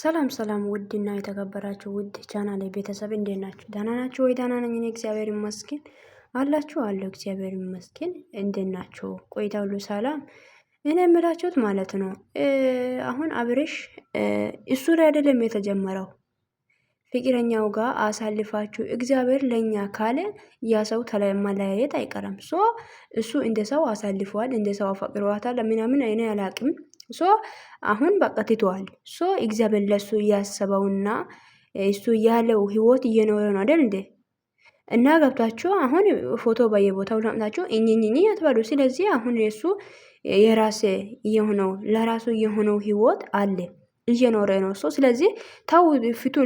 ሰላም ሰላም ውድና የተከበራችሁ ውድ ቻናል ቤተሰብ እንዴት ናችሁ? ደህና ናችሁ ወይ? ደህና ነኝ እኔ እግዚአብሔር ይመስገን። አላችሁ አለው እግዚአብሔር ይመስገን። እንዴት ናችሁ? ቆይታ ሁሉ ሰላም። እኔ የምላችሁት ማለት ነው አሁን አብርሽ እሱ ላይ አይደለም የተጀመረው ፍቅረኛው ጋር አሳልፋችሁ እግዚአብሔር ለኛ ካለ ያ ሰው መለያየት አይቀርም። ሶ እሱ እንደ ሰው አሳልፈዋል፣ እንደ ሰው አፈቅረዋታል ምናምን እኔ አላቅም ሶ አሁን በቃ ትተዋል። ሶ እግዚአብሔር ለሱ እያሰበውና እሱ ያለው ህይወት እየኖረ ነው አይደል እንዴ? እና ገብታችሁ አሁን ፎቶ በየቦታው ላምታችሁ እኝኝኝ አትበሉ። ስለዚህ አሁን የሱ የራስ የሆነው ለራሱ የሆነው ህይወት አለ እየኖረ ነው። ሶ ስለዚህ ታው ፊቱ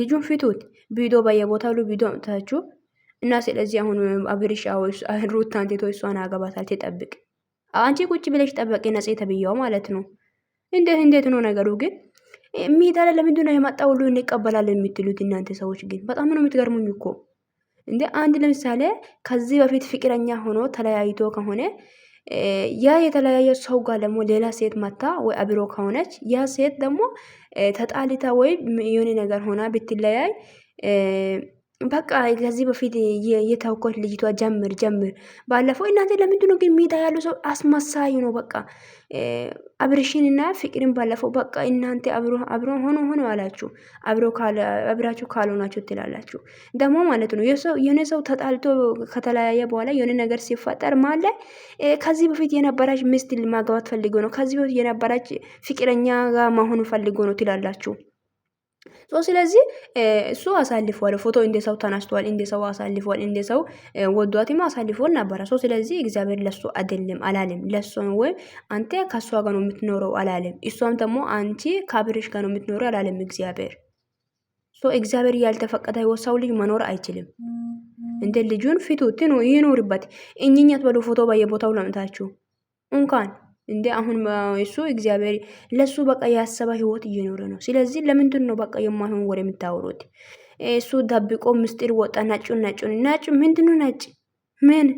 ልጁን ፊቱት ቢዶ በየቦታው ቢዶ አምጥታችሁ እና ስለዚህ አሁን አብርሽ ሩታን ቴቶ እሷን አገባታል ተጠብቅ አንቺ ቁጭ ብለሽ ጠበቂ ነጽ የተብያው ማለት ነው። እንዴት እንዴት ነው ነገሩ? ግን ሚዳለ ለምንድን ነው የመጣ ሁሉ እንቀበላለን የምትሉት እናንተ ሰዎች? ግን በጣም ነው የምትገርሙኝ እኮ እንደ አንድ ለምሳሌ ከዚህ በፊት ፍቅረኛ ሆኖ ተለያይቶ ከሆነ ያ የተለያየ ሰው ጋር ደግሞ ሌላ ሴት መታ ወይ አብሮ ከሆነች ያ ሴት ደግሞ ተጣሊታ ወይ የሆነ ነገር ሆና ብትለያይ በቃ ከዚህ በፊት የተውኮት ልጅቷ ጀምር ጀምር ባለፈው እናቴ ለምንድ ነው ግን ሚዳ ያሉ ሰው አስመሳይ ነው። በቃ አብርሽን እና ፍቅርን ባለፈው በቃ እናንተ አብሮ ሆኖ ሆኖ አላችሁ አብራችሁ ካልሆናችሁ ትላላችሁ። ደግሞ ማለት ነው የሆነ ሰው ተጣልቶ ከተለያየ በኋላ የሆነ ነገር ሲፈጠር ማለ ከዚህ በፊት የነበራች ሚስት ማግባት ፈልጎ ነው፣ ከዚህ በፊት የነበራች ፍቅረኛ ጋር መሆኑ ፈልጎ ነው ትላላችሁ። ሶ ስለዚህ እሱ አሳልፏል። ፎቶ እንደ ሰው ተነስቷል፣ እንደ ሰው አሳልፏል፣ እንደ ሰው ወዷትም አሳልፏል ነበረ። ሶ ስለዚህ እግዚአብሔር ለሱ አይደለም አላለም። ለሱ ወይም አንተ ከእሷ ጋር ነው የምትኖረው አላለም። እሷም ደግሞ አንቺ ከአብሬሽ ጋር ነው የምትኖረው አላለም እግዚአብሔር። ሶ እግዚአብሔር ያልተፈቀደ ህይወት ሰው ልጅ መኖር አይችልም። እንደ ልጁን ፊቱ ይኑርበት። እኝኛት በሉ ፎቶ ባየ ቦታው ለምታችሁ እንኳን እንደ አሁን እሱ እግዚአብሔር ለሱ በቃ ያሰበ ህይወት እየኖረ ነው። ስለዚህ ለምንድን ነው በቃ የማይሆን ወሬ የምታወሩት? እሱ ደብቆ ምስጢር ወጣ። ነጩን ነጩን ነጭ ምንድን ነው ነጭ ምን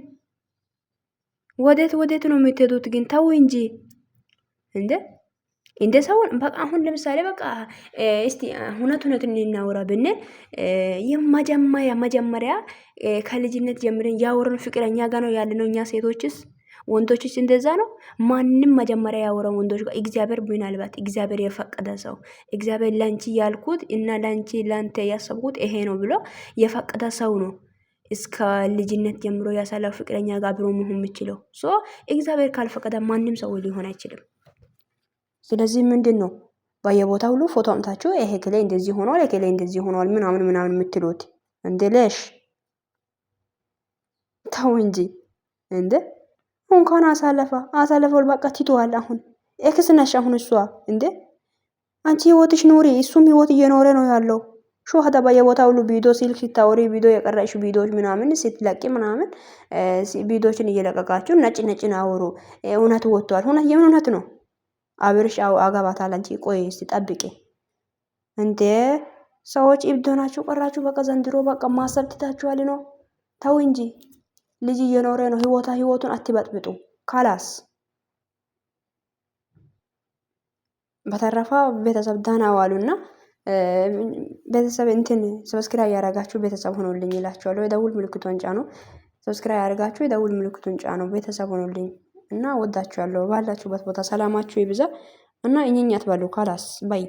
ወዴት ወዴት ነው የምትሄዱት? ግን ተው እንጂ እንደ እንደ ሰው በቃ አሁን ለምሳሌ በቃ እስቲ ሁነት ሁነት እናወራ ብንል የመጀመሪያ መጀመሪያ ከልጅነት ጀምረን ያወሩን ፍቅረኛ ጋ ነው ያለነው እኛ ሴቶችስ ወንዶችስ እንደዛ ነው። ማንም መጀመሪያ ያወራው ወንዶች ጋር እግዚአብሔር ምናልባት እግዚአብሔር የፈቀደ ሰው እግዚአብሔር ላንቺ ያልኩት እና ላንቺ ላንተ ያሰብኩት ይሄ ነው ብሎ የፈቀደ ሰው ነው እስከ ልጅነት ጀምሮ ያሳለው ፍቅረኛ ጋር ብሮ መሆን የምችለው ሶ እግዚአብሔር ካልፈቀደ ማንም ሰው ሊሆን አይችልም። ስለዚህ ምንድን ነው በየቦታ ሁሉ ፎቶ አምታችሁ ይሄ ክላይ እንደዚህ ሆኗል፣ ይሄ ክላይ እንደዚህ ሆኗል ምናምን ምናምን የምትሉት እንድለሽ ተው እንጂ እንደ እንኳን አሳለፋ አሳለፈው በቃ ትተዋል። አሁን ኤክስ ነሽ አሁን እሷ እንዴ አንቺ ህይወትሽ ኖሪ፣ እሱም ህይወት እየኖረ ነው ያለው። ሾ ሀተባ ቦታ ሁሉ ቪዲዮ ስልክ ሲታወሪ ቪዲዮ የቀረሽ ቪዲዮች ምናምን ስትለቂ ምናምን ቪዲዮችን እየለቀቃችሁ ነጭ ነጭ አወሩ። እውነት ወጥቷል። እውነት የምን እውነት ነው? አብርሽ አው አገባታል። አንቺ ቆይ ስጠብቂ እንዴ ሰዎች እብዶናችሁ ቀራችሁ። በቃ ዘንድሮ በቃ ማሰብ ትታችኋል ነው። ተው እንጂ ልጅ እየኖረ ነው። ህይወታ ህይወቱን አትበጥብጡ። ካላስ በተረፈ ቤተሰብ ደህና ዋሉና ቤተሰብ እንትን ሰብስክራይብ ያደረጋችሁ ቤተሰብ ሆኖልኝ ይላችኋለሁ። የደውል ምልክቱን ጫኑ። ሰብስክራይብ ያደረጋችሁ የደውል ምልክቱን ጫኑ። ቤተሰብ ሆኖልኝ እና ወዳችኋለሁ። ባላችሁበት ቦታ ሰላማችሁ ይብዛ እና እኛኛት በሉ ካላስ ባይ